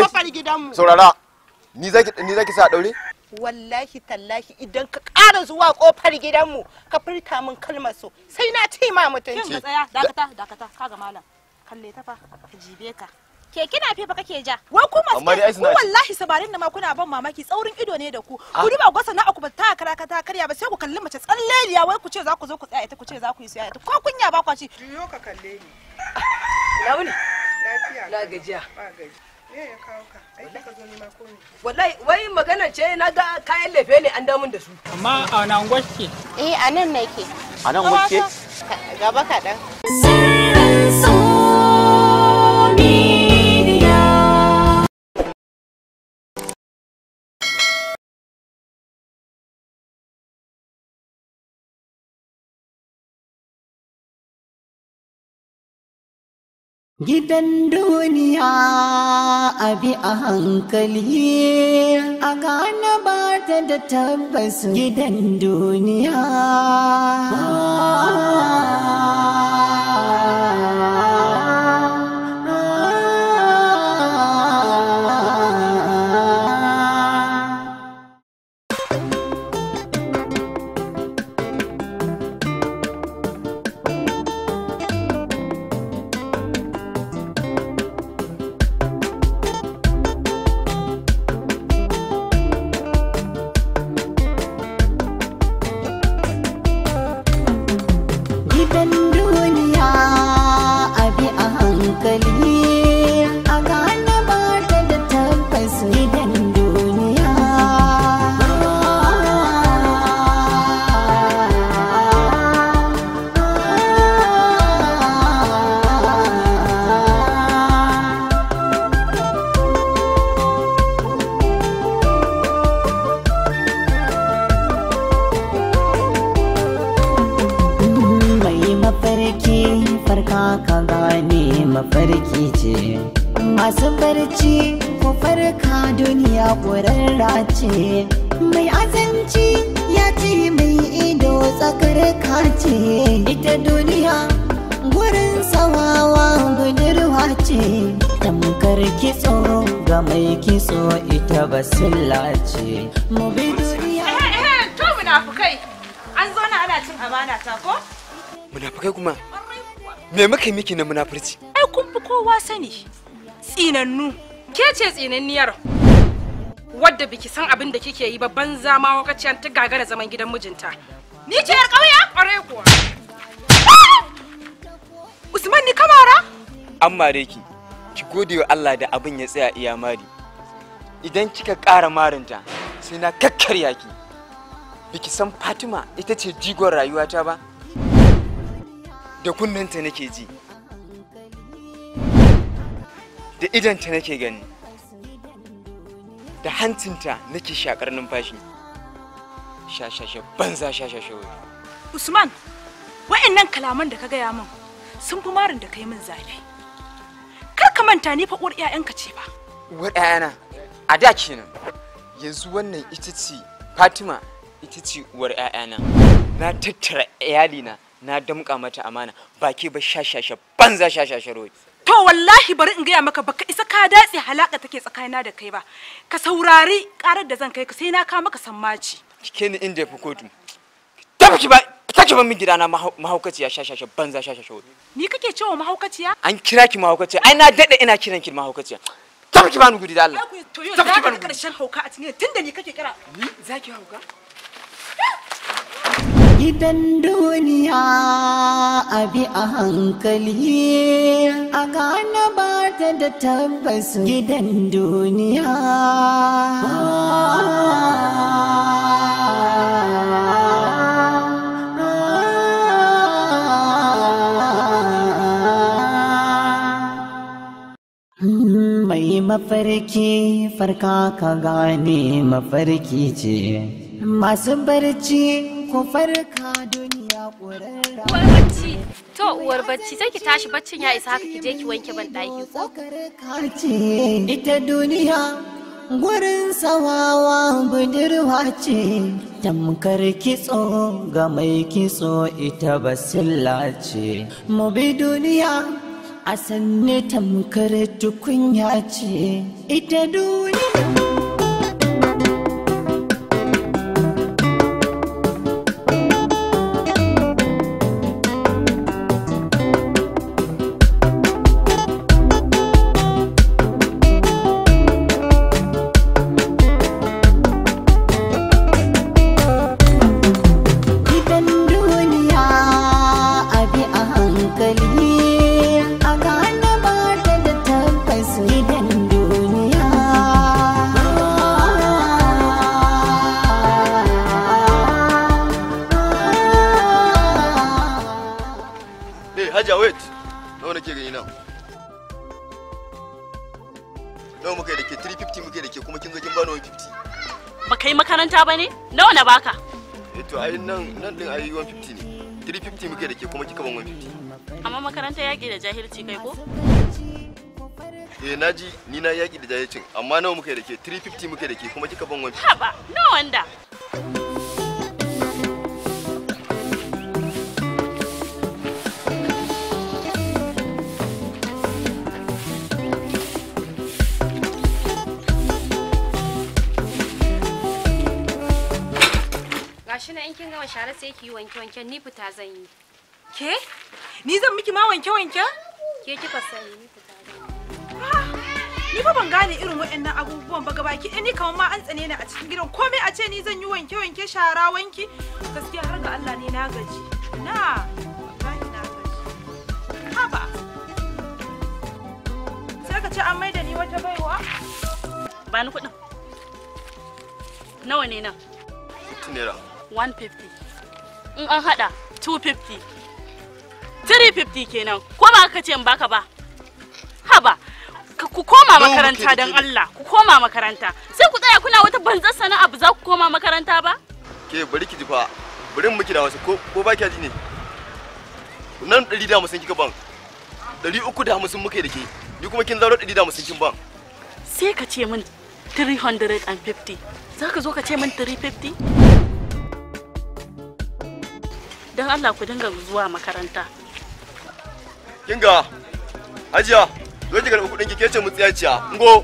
kofar gidanmu saurara ni zaki ni zaki sa daure wallahi tallahi idan ka ƙara zuwa kofar gidanmu ka furta min kalmar so sai na ce ma mutunci kin tsaya dakata dakata kaga malam kalle ta fa ka jibe ka ke kina fi fa kake ja wai ku masu ku wallahi sabarin da ma kuna ban mamaki tsaurin ido ne da ku ah. ku duba gwasa na ku ba ta kara ka ta karya ba sai ku kalli mace tsalleliya wai ku ce za ku zo ku tsaya ita ku ce za ku yi tsaya ita ko kunya ba kwaci yo ka kalle ni launi lafiya la gajiya ba gajiya wallahi wai magana ce na ga kayan lefe ne an damun da su amma a nan gwaske eh a nan nake a nan gwaske gaba kaɗan sirrin so Gidan duniya a bi a hankali a gane ba ta da tabbas gidan duniya. mafarki ce masu barci ku farka duniya ƙurarra ce mai azanci ya ce mai ido tsakar ce ita duniya gurin sawawa budurwa ce tamkar kitso ga mai kitso ita basilla ce mu bi duniya eh, eh, to munafukai an zo na ana cin amana ta ko munafukai kuma Me muka yi miki na munafurci? Ai kun fi kowa sani. Tsinannu. Ke ce tsinanniyar. Wadda biki san abin da kike yi babban zama ma wakaciyar ta gagara zaman gidan mijinta. Ni ce yar ƙauya? Ƙwarai kuwa. Ah! Usman ni kamara? amma reki ki. Ki gode wa Allah da abin ya tsaya iya mari. Idan kika ƙara marinta sai na kakkarya ki. Biki san Fatima ita ce jigon rayuwata ba? da kunnenta nake ji da idanta nake gani da hancinta nake shakar numfashi shashashe banza shashashe wuri usman wa'annan kalaman da ka gaya min sun fi marin da kai min zafi kar ka manta ni fa uwar 'ya'yanka ce ba uwar 'ya'yana a da kenan yanzu wannan ita ce fatima ita ce uwar 'ya'yana na tattara iyalina na damƙa mata amana baki ba shashasha banza shashashe roki to wallahi bari in gaya maka baka isa ka datse halaka take tsakanina da kai ba ka saurari karar da zan kai ka sai na ka maka sammaci ke ni inda fi kotu tabbaki ba take ban min gidana mahaukaciya shashasha banza shashashe roki ni kake cewa mahaukaciya an kira ki mahaukaciya ai na dade ina kiran ki mahaukaciya tabbaki ba ni gudi da Allah tabbaki ba ni karshen hauka a cikin tunda ni kake kira zaki hauka gidan duniya a bi a hankali a gane ba ta da tabbas gidan duniya mai mafarki farka ka gane mafarki ce masu barci ku farka duniya ƙurarra. Uwar bacci, to uwar bacci sai ki tashi baccin ya isa haka ki je ki wanke ban ɗaki ko. Ita duniya gurin sawawa budurwa ce, tamkar kitso ga mai kitso ita basilla ce. Mu bi duniya a sanni tamkar tukunya ce, ita duniya. nan nan din ayi 150 ne 350 muke da ke kuma kika ban 150 amma makaranta yaƙi da jahilci kai ko eh naji ni na yaƙi da jahilcin amma nawa muke da ke 350 muke da ke kuma kika ban 150 haba no gashi nan in kin gama share sai ki yi wanke wanke ni fita zan yi. Ke? Ni zan miki ma wanke wanke? Ke kika sani ni fita zan yi. Ah, ni fa ban gane irin waɗannan abubuwan ba gabaki ɗaya ni kamar ma an tsane ni a cikin gidan komai a ce ni zan yi wanke wanke shara wanki gaskiya har ga Allah ne na gaji. Na. Sai ce an maida ni wata baiwa? Ba ni kuɗin. Nawa ne nan? 听得了。150 in an hada 250 350 kenan ko ba ka ce in baka ba haba ku koma makaranta don Allah ku koma makaranta sai ku tsaya kuna wata banzar sana'a ba za ku koma makaranta ba ke bari ki ji fa bari mu wasu ko ba ki ne nan 100 da musun kika ban 300 da musun da ke ni kuma kin zaro 100 da ban sai ka ce min 350 za ka zo ka ce min 350 don Allah ku dinga zuwa makaranta kinga hajiya zo ki karɓi kuɗin ki kece mu tsiyaciya ngo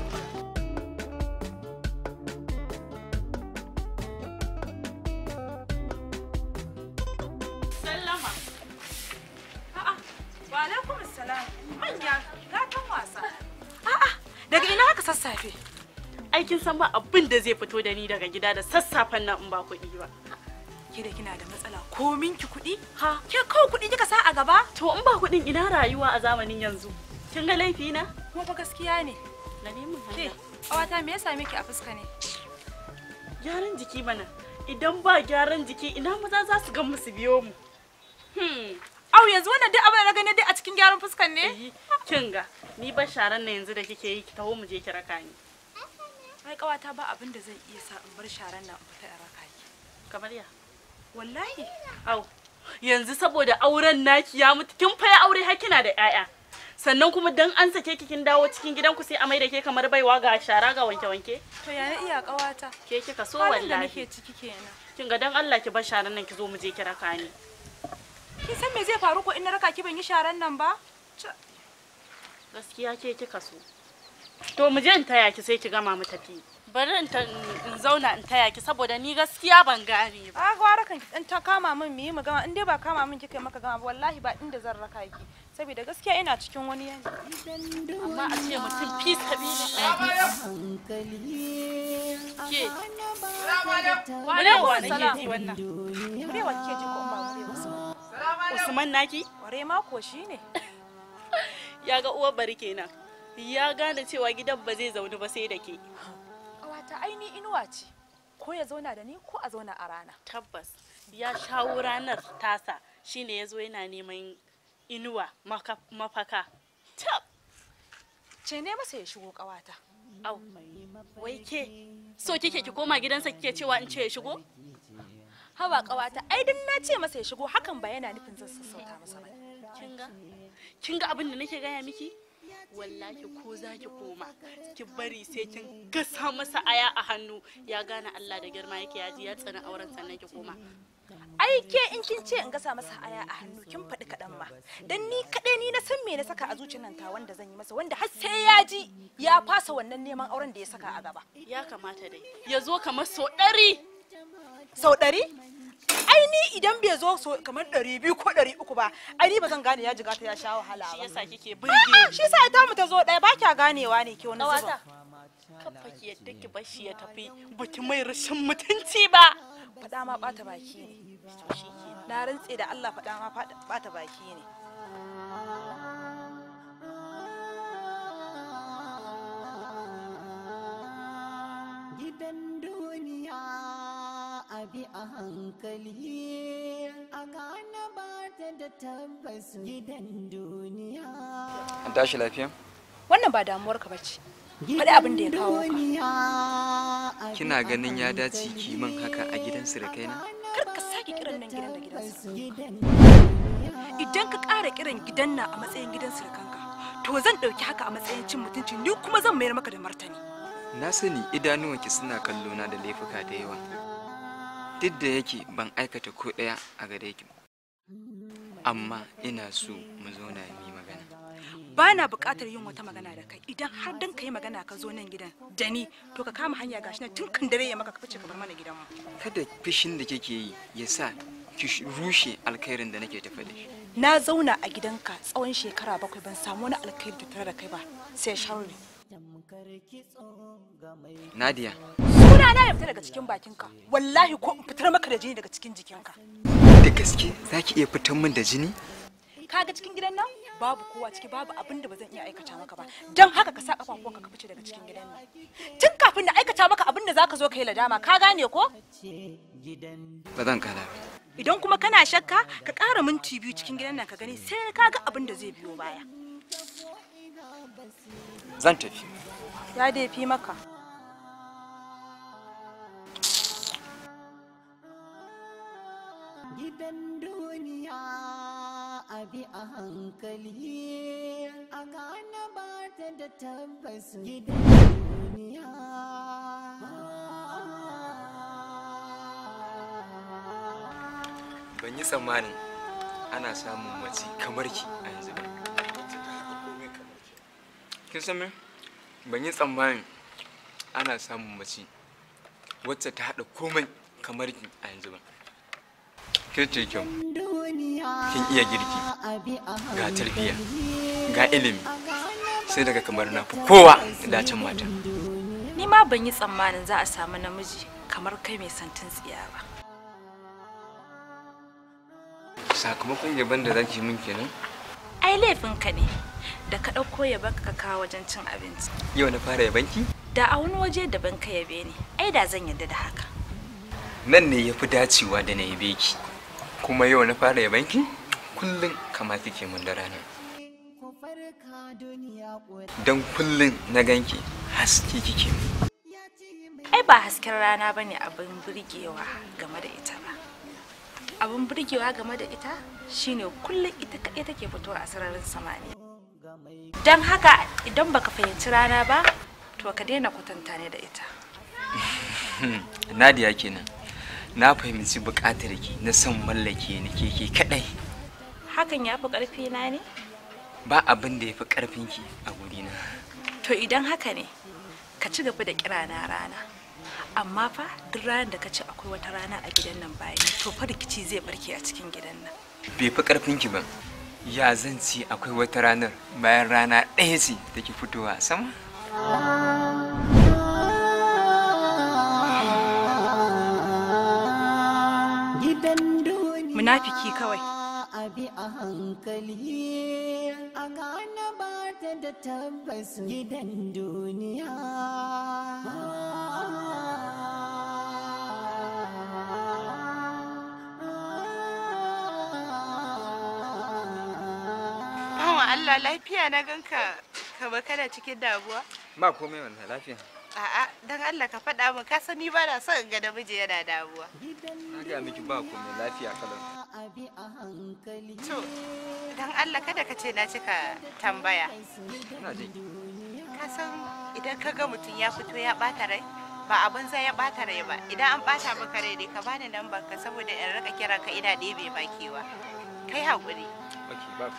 san ba abin da zai fito da ni daga gida da sassafen nan in ba kuɗi ba. ke da kina da matsala ko minki kuɗi ha ke kawo kuɗi kika sa a gaba to in ba kuɗin ina rayuwa a zamanin yanzu kin ga laifi na kuma fa gaskiya ne gane mun ke awata me yasa miki a fuska ne gyaran jiki bana idan ba gyaran jiki ina maza za su gan musu biyo mu hmm au yanzu wannan duk abin da gane dai a cikin gyaran fuskan ne eh, kin ga ni ba sharan na yanzu da kike yi ki taho mu je ki raka ni ai kawata ba abin da zan iya sa in bar sharan nan in fita in raka ki kamar ya wallahi au yanzu saboda auren naki ya mutu kin fa aure har kina da ƴaƴa sannan kuma dan an sake ki kin dawo cikin gidanku sai a mai da ke kamar baiwa ga shara ga wanke wanke to ya iya ƙawata, ke kika so wallahi da nake ciki kenan kin ga dan Allah ki bar sharan nan ki zo mu je kira ka ni kin san me zai faru ko in na raka ki ban yi sharan nan ba gaskiya ke kika so to mu je in taya ki sai ki gama mu tafi bari in zauna in taya ki saboda ni gaskiya ban gane ba. A ah, gwara kan dan ta kama min mu yi mu gama in dai ba kama min kike maka gama wallahi ba inda zan raka ki saboda gaskiya ina cikin wani yanzu. Amma a ce mutum fi hankali Ke. Wale ne ke wannan. Murewa ke ji ko ba murewa. Usman naki? Ware ma ko shine. Ya ga uwar bari kenan. Ya gane cewa gidan ba zai zaune ba sai da ke. ta aini inuwa ce ko ya zauna da ni ko a zauna a rana tabbas ya shawo ranar tasa shine ya zo yana neman inuwa mafaka tab ce ne masa ya shigo kawata au wai ke so kike ki koma gidansa kike cewa in ce ya shigo hawa kawata ai din na ce masa ya shigo hakan ba yana nufin zan sassauta masa ba kinga kinga kin ga abin da nake gaya miki wallahi ko za ki koma ki bari sai kin gasa masa aya a hannu ya gane Allah da girma yake yaji ya tsana auren sannan ki koma ai ke in kin ce in gasa masa aya a hannu kin faɗi kaɗan ma dan ni kaɗai ni na san me na saka a zuciyar nan ta wanda zan yi masa wanda har sai ya ji ya fasa wannan neman auren da ya saka a gaba ya kamata dai ya zo kamar sau ɗari sau ɗari Aini idan bai zo so kamar ɗari biyu ko ɗari uku ba aini ba zan gane ya jiga ta ya sha wahala ba shi yasa kike burge shi yasa ta mu ta zo ɗaya ba kya ganewa ne ke wani zuba kafa ki yadda ki bashi ya tafi ki mai rashin mutunci ba faɗa ma bata baki ne na rantse da Allah faɗa ma bata baki ne abi a hankali a kana ba ta da tabbas gidan duniya. An tashi lafiya? Wannan ba damuwar ka bace Faɗi abin da ya kawo ka. Kina ganin ya dace ki min haka a gidan sirikaina? Kar ka sake kiran nan gidan da gidan Idan ka ƙara kiran gidan na a matsayin gidan sirikanka, to zan ɗauki haka a matsayin cin mutunci ni kuma zan mayar maka da martani. Na sani idanuwanki suna kallona da laifuka da yawa. duk da yake ban aikata ko ɗaya a gare ki amma ina so mu zauna mu magana ba na buƙatar yin wata magana da kai idan har dan ka yi magana ka zo nan gidan da ni to ka kama hanya gashi na tun kan dare ya maka ka fice ka bar mana gidan mu kada fishin da kike yi ya sa ki rushe alkhairin da nake tafa da shi na zauna a gidanka tsawon shekara bakwai ban samu wani alkhairi tare da kai ba sai sharri Nadia. Suna na ya fita daga cikin bakinka. Wallahi ko in fitar maka da jini daga cikin jikinka. Da gaske za ki iya fitar min da jini? Kaga cikin gidan nan babu kowa ciki babu abin da ba zan iya aikata maka ba. Don haka ka sa kafafuwanka ka fice daga cikin gidan nan. Tun kafin na aikata maka abin da zaka zo ka yi ladama ka gane ko? Ba zan kala ba. Idan kuma kana shakka ka ƙara minti biyu cikin gidan nan ka gani sai ka ga abin da zai biyo baya. Zan tafi. ya dai fi maka gidan duniya abi a hankali a gane ba ta da tabbas gidan duniya ban yi tsammanin ana samun mace kamar ki a yanzu ba kin san me ban yi tsammanin ana samun mace wacce ta haɗa komai kamar ki a yanzu ba ke ce kyau kin iya girki ga tarbiyya ga ilimi sai daga kamar na fi kowa da can mata ni ma ban yi tsammanin za a samu namiji kamar kai mai santin tsiya ba sakamakon yaban da zaki min kenan ai laifin ka ne da ka ɗauko ya baka ka kawo wajen cin abinci yau na fara banki? da a wani waje daban ka yabe ni ai da zan yadda da haka nan ne ya fi dacewa da na yabe ki kuma yau na fara banki kullum kama kike mun da rana don kullum na ganki haske kike ai ba hasken rana bane abin burgewa game da ita ba abin burgewa game da ita shine kullum ita kaɗai take fitowa a sararin samani don haka idan baka fahimci rana ba to ka daina kwatanta ne da ita Nadiya kenan na fahimci buƙatar ki na son mallake ni ke ke kaɗai hakan ya fi ƙarfi na ne ba abin da ya fi ƙarfin ki a gurina to idan haka ne ka ci gaba da kirana rana amma fa duk ranar da ka ce akwai wata rana a gidan nan bayan to fa rikici zai barke a cikin gidan nan bai fi karfin ki ba ya zan ci akwai wata ranar bayan rana ɗaya ce take fitowa fito sama munafiki kawai abi a hankali a gane ba ta da tabbas gidan duniya Allah lafiya na ganka ka ba kana cikin damuwa? Ba komai wannan lafiya. A'a dan Allah ka faɗa min ka sani ba na son ga namiji yana damuwa. Na ga miki ba komai lafiya kalan. To dan Allah kada ka ce na cika tambaya. Ina ji. Ka san idan ka ga mutum ya fito ya ɓata rai ba abin zai ya bata rai ba idan an bata maka rai ne ka bani lambar ka saboda in rika kiran ka ina ɗebe bakewa kai haƙuri. Okay, ba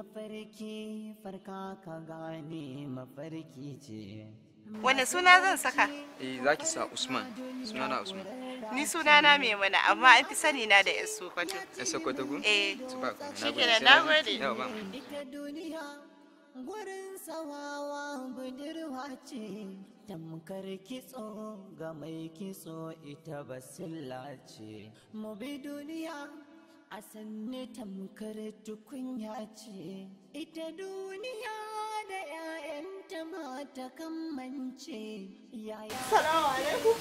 mafarki farka ka gane mafarki ce wani suna zan saka eh zaki sa usman suna na usman ni suna na mai mana amma an fi sani na da yasu sokoto yasu sokoto gu eh shi ke da gode ita duniya gurin sawawa budurwa ce tamkar kitso ga mai kitso ita basilla ce mu bi duniya a sanne tamkar tukunya ce ita duniya da 'ya'yanta mata kammance yaya salamu alaikum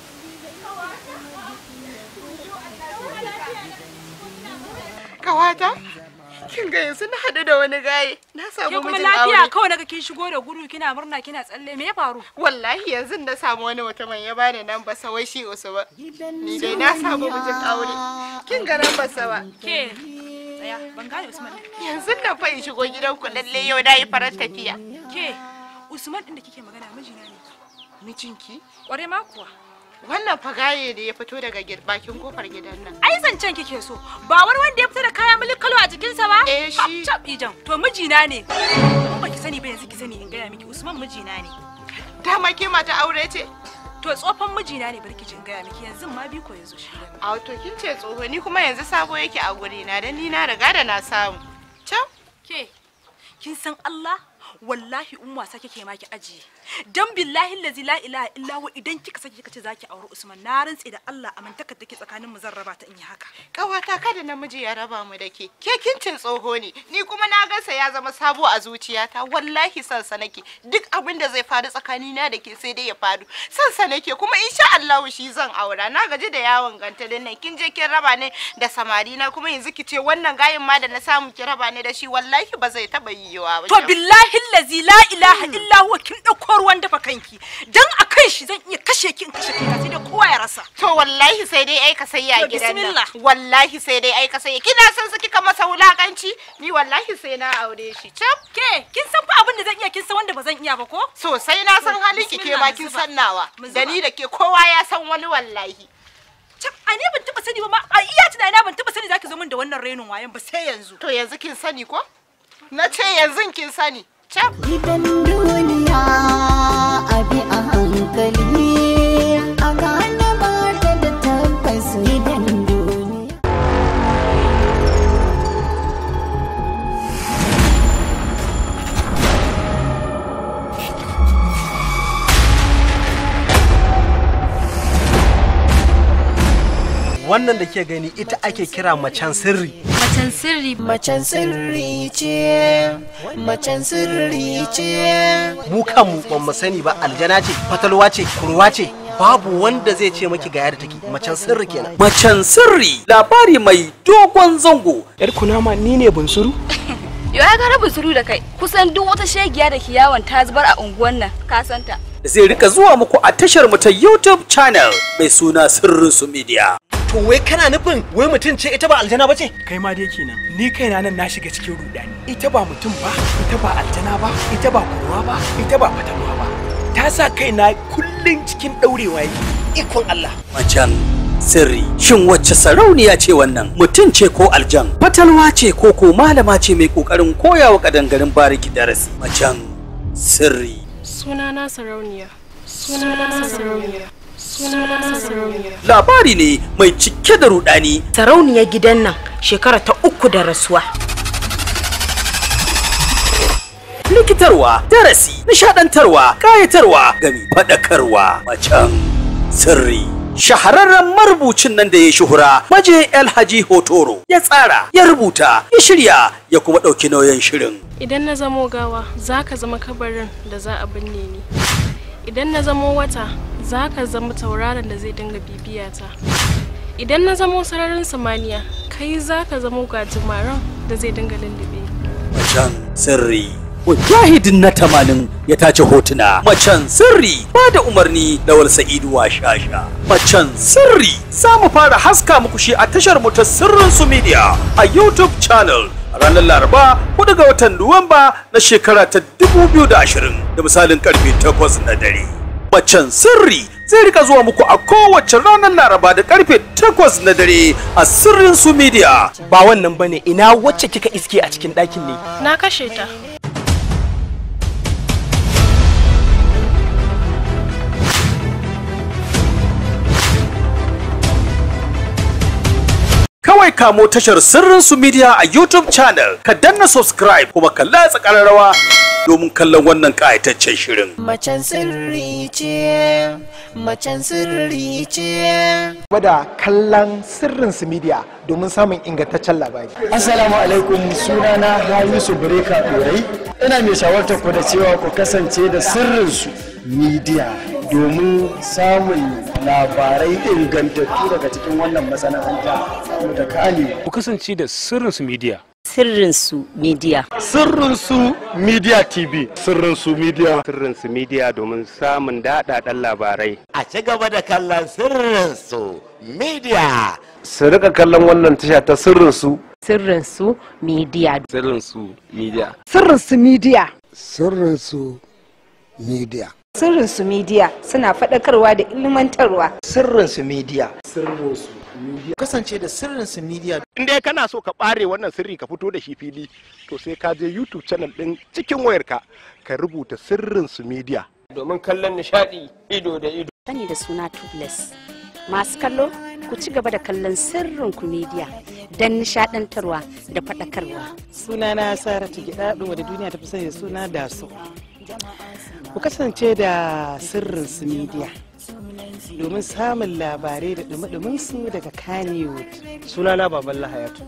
kawata kin ga yanzu na hadu da wani gaye na samu mijin aure kuma lafiya kawai naga kin shigo da gudu kina murna kina tsalle me ya faru wallahi yanzu na samu wani mutumin ya bani nan ba sawai shi ba ni dai na samu mijin aure kin ga nan ba sawa ke tsaya ban gane usman yanzu na fa in shigo gidan ku lalle yau na yi farar tafiya ke usman din da kike magana mijina ne mijinki kware ma kuwa wannan fagaye da ya fito daga bakin kofar gidan nan ai zancen kike so ba wani wanda ya fito jikinsa ba? Eh shi. Cap ijan. To mijina ne. ba ki sani ba yanzu ki sani in gaya miki Usman mijina ne. Dama ke mata aure ce? To tsofan mijina ne barki jin gaya miki yanzu ma ko yanzu shi. A to kin ce tsoho ni kuma yanzu sabo yake a guri na dan ni na riga da na samu. Cap. Ke. Kin san Allah wallahi in wasa kike ma ki ajiye. dan billahi lazi la ilaha illa wa idan kika saki kika ce zaki aure Usman na rantse da Allah amantaka take tsakanin mu zan raba ta in yi haka kawata kada namiji ya raba mu da ke ke kincin tsoho ne ni kuma na gansa ya zama sabo a zuciyata wallahi san sa nake duk abin da zai faru tsakanina da ke sai dai ya faru san sa nake kuma insha Allah shi zan aura na gaji da yawon ganta din nan kin je kin raba ne da samari na kuma yanzu ki ce wannan gayin ma da na samu ki raba ne da shi wallahi ba zai taba yiwa ba to billahi lazi la ilaha illa huwa kin dauko ruwan dafa kanki dan a kan shi zan iya kashe ki in kashe kai sai dai kowa ya rasa to wallahi sai dai ai ka sayya a gidan nan wallahi sai dai ai ka sayya kina san su kika masa wulakanci ni wallahi sai na aure shi cap ke kin san fa abin da zan iya kin san wanda ba zan iya ba ko sosai na san halin ki ke ma kin san nawa da ni da ke kowa ya san wani wallahi cap a ne ban taba sani ba ma a iya tunanina ban taba sani zaki zo min da wannan renin wayan ba sai yanzu to yanzu kin sani ko na ce yanzu kin sani Gidan duniya bi a hankali a gane mata da tabbas gidan duniya. Wannan da ke gani ita ake kira macen sirri. Macen sirri Macen sirri ce Macen sirri ce Mu mu ban mu sani ba aljana ce fatalwa ce kurwa ce babu wanda zai ce maki ga yadda take macen sirri kenan macen sirri labari mai dogon zango yar kunama ni ne bunsuru yo ya ga rabin da kai kusan duk wata shegiya da ke yawon zubar a unguwan nan ka santa zai rika zuwa muku a tashar mu ta YouTube channel mai suna Sirrin su Media. To wai kana nufin wai mutum ce ita ba aljana ba ce? Kai ma dai kenan. Ni kaina nan na shiga cikin rudani. Ita ba mutum ba, ita ba aljana ba, ita ba kurwa ba, ita ba fatalwa ba. Ta sa kaina kullun cikin daurewa yake. Ikon Allah. Macan. sirri shin wacce sarauniya ce wannan mutum ce ko aljan fatalwa ce ko ko malama ce mai kokarin koyawa ƙadangaren bariki darasi macen sirri sunana sarauniya labari ne mai cike da rudani Sarauniya gidan nan shekara ta uku da rasuwa likitarwa darasi nishadantarwa kayatarwa gami faɗakarwa macen sirri shahararren marubucin nan da ya shuhura maje alhaji hotoro ya tsara ya rubuta ya shirya ya kuma ɗauki nauyin shirin idan na zamo gawa za ka zama kabarin da za a binne ni idan na zamo wata za ka zama tauraron da zai dinga bibiyata idan na zamo sararin samaniya kai za ka zama gajimaren da zai dinga lullube can sirri mujahidin na tamanin ya tace hotuna macen sirri ba da umarni lawal sa'idu washasha macen sirri za mu fara haska muku shi a tashar mu ta sirrin su media a youtube channel ranar laraba 4 ga watan nuwamba na shekara ta 2020 da misalin karfe 8 na dare macen sirri zai rika zuwa muku a kowace ranar laraba da karfe 8 na dare a sirrin su media ba wannan bane ina wacce kika iske a cikin ɗakin ne na kashe ta kawai kamo tashar sirrin su media a YouTube channel ka danna subscribe kuma kalla tsakarar rawa domin kallon wannan ƙayataccen shirin. Macen sirri ce, macen sirri ce. Bada kallon sirrin su media domin samun ingantaccen labari. Assalamu alaikum sunana Hamisu Breka Ɗorai. Ina mai shawartar ku da cewa ku kasance da sirrin su media domin samun labarai ingantattu daga cikin wannan masana'anta da kane. Ku kasance da sirrin su media sirrinsu media sirrinsu media tv sirrinsu media sirrinsu media domin samun daɗaɗɗen labarai a ci gaba da kallon sirrinsu media su rika kallon wannan tasha ta sirrinsu sirrinsu media sirrinsu media sirrinsu media sirrinsu media sirrinsu media suna faɗakarwa da ilmantarwa sirrinsu media sirrinsu media kasance da sirrin su media in dai kana so ka bare wannan sirri ka fito da shi fili to sai ka je youtube channel din cikin wayarka ka rubuta sirrin su media domin kallon nishadi ido da ido sani da suna tubeless masu kallo ku ci gaba da kallon sirrin media don nishadantarwa da faɗakarwa. na saratu gida da duniya ta fi sani da suna da su ku kasance da sirrin su media domin samun labarai da dumi su daga Kannywood. Sunana Baban Lahayatu.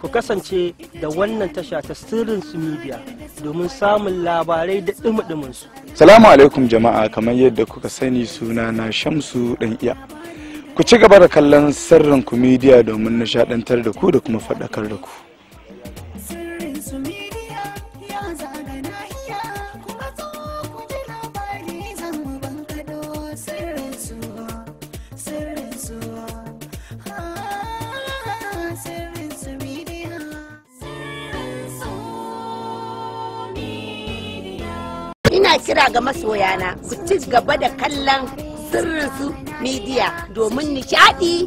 Ku kasance da wannan tasha ta sirrin su media domin samun labarai da dumi su. Salamu alaikum jama'a kamar yadda kuka sani sunana Shamsu Dan Iya. Ku ci gaba da kallon sirrin ku media domin nishadantar da ku da kuma faɗakar da ku. kira ga masoyana ku ci gaba da kallon sirrinsu midiya domin nishadi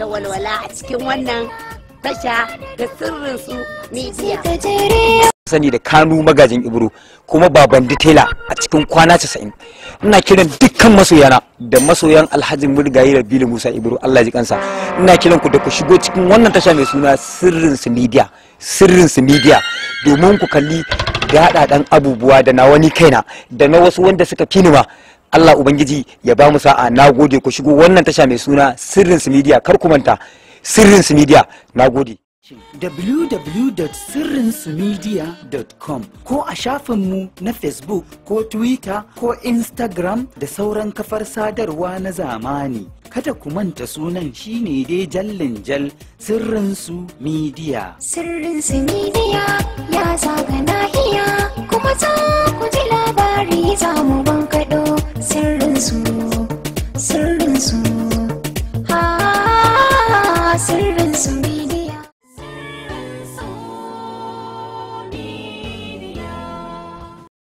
da walwala a cikin wannan tasha da sirrinsu media. sani da kanu magajin ibro kuma baban detailer a cikin kwana 90 ina kiran dukkan masoyana da masoyan alhaji murgayi da bilu musa ibro allah ji kansa ina kiran ku da ku shigo cikin wannan tasha mai suna sirrin su media sirrin su media domin ku kalli daɗaɗan abubuwa da na wani kaina da na wasu wanda suka ma Allah Ubangiji ya ba mu sa'a na gode ku shigo wannan tasha mai suna sirrin su midiya kar ku manta sirrin su midiya na gode adireshin www.sirrinsumedia.com ko a shafinmu na Facebook ko Twitter ko Instagram da sauran kafar sadarwa na zamani. Kada ku manta sunan shi ne dai jallin jal sirrinsu media. Sirrinsu media ya zaga nahiya kuma za ku ji labari za mu bankaɗo sirrinsu sirrinsu. sirrin su